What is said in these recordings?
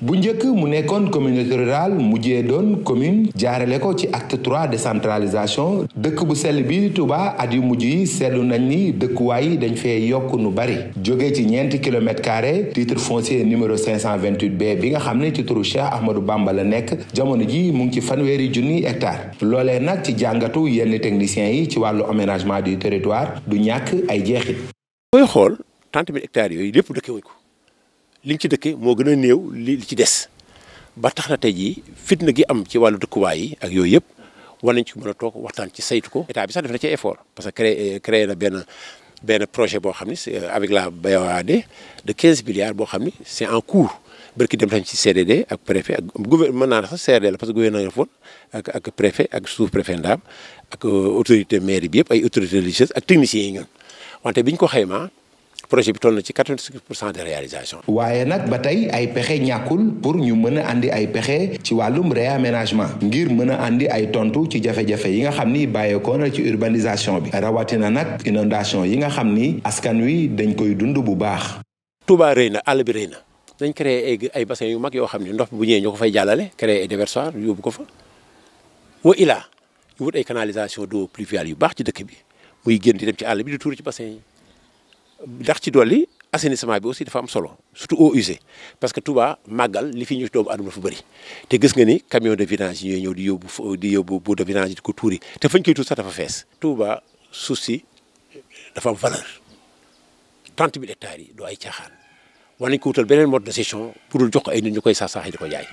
bu njëkk mu nekkoon communauté rural mujjee doon commune jaarale ko ci acte 3 décentralisation dëkk bu sell bi Touba at yu mujj yi seetlu nañ ni dëkkuwaay yi dañ fee yokk nu bari jóge ci ñeenti kilomètres carré titre foncier numéro 528B bi nga xam ne ci turu Cheikh Ahmadou Bamba la nekk jamono ji mu ngi ci fanweeri junni hectare loolee nag ci jàngatu yenn techniciens yi ci wàllu aménagement du territoire du ñàkk ay jeexit. booy xool 30 000 hectares yooyu lépp dëkkewuñ ko. liñ ci dëkke moo gën a néew li ci des ba tax na tey jii fitna gi am ci wàllu dëkkuwaay yi ak yooyu yëpp war nañ ci mën a toog waxtaan ci saytu ko. état bi sax def na ci effort parce que créé euh, créé na benn benn projet boo xam ni euh, avec la BOAD de 15 milliards boo xam ni c' est en cours bërki dem nañ ci CDD ak préfet ak naa sax CRD la parce que gouvernement nga ak ak préfet ak sous préfet ndaam ak euh, autorité mairie bi yëpp ay autorités religieuses ak techniciens yi ñun wante biñ ko xaymaa. projet bi toll na ci 85 pour cent de réalisation. waaye nag ba tey ay pexe ñàkkul pour ñu mën a andi ay pexe ci wàllum réaménagement ngir mën a andi ay tontu ci jafe-jafe yi nga xam ni bàyyeekoo na ci urbanisation bi rawatina nag inondation yi nga xam ni askan wi dañ koy dund bu baax. Touba rëy na àll bi rëy na dañ créé ay ay bassin yu mag yoo xam ne ndox bu ñëwee ñu ko fay jàllale créé ay déversoir yóbbu ko fa woo ilaa ñu wut ay canalisation d'eau pluviale yu baax ci dëkk bi muy génn dem ci àll bi di ci bassin ndax ci dolli assainissement bi aussi dafa am solo surtout eaux usées parce que Touba màggal li fi ñu doomu adama dafa bëri te gis nga ni camion de vidange yi ñëw di yóbbu di yóbbu bout de vidange di ko tuuri te fañ koy tuur sax dafa fees. Touba suuf si dafa am valeur trente mille hectares yi doo ay caaxaan war nañ ko wutal beneen mode de gestion pour dul jox ko ay nit ñu koy sax saax di ko jaay.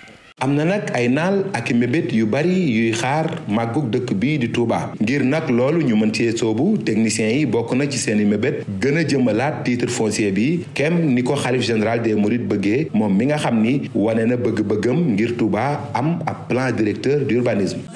am na nag ay naal ak mébét yu bari yuy xaar màggug dëkk bii di Touba ngir nag loolu ñu mën cee soobu techniciens yi bokk na ci seeni mébét gën a jëmalaat titre foncier bi kem ni ko xalif général de Mourides bëggee moom mi nga xam ni wane na bëgg-bëggam ngir Touba am ab plan directeur d'urbanisme